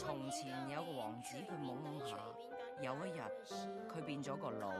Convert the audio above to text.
從前有個王子，佢懵懵下，有一日佢變咗個老。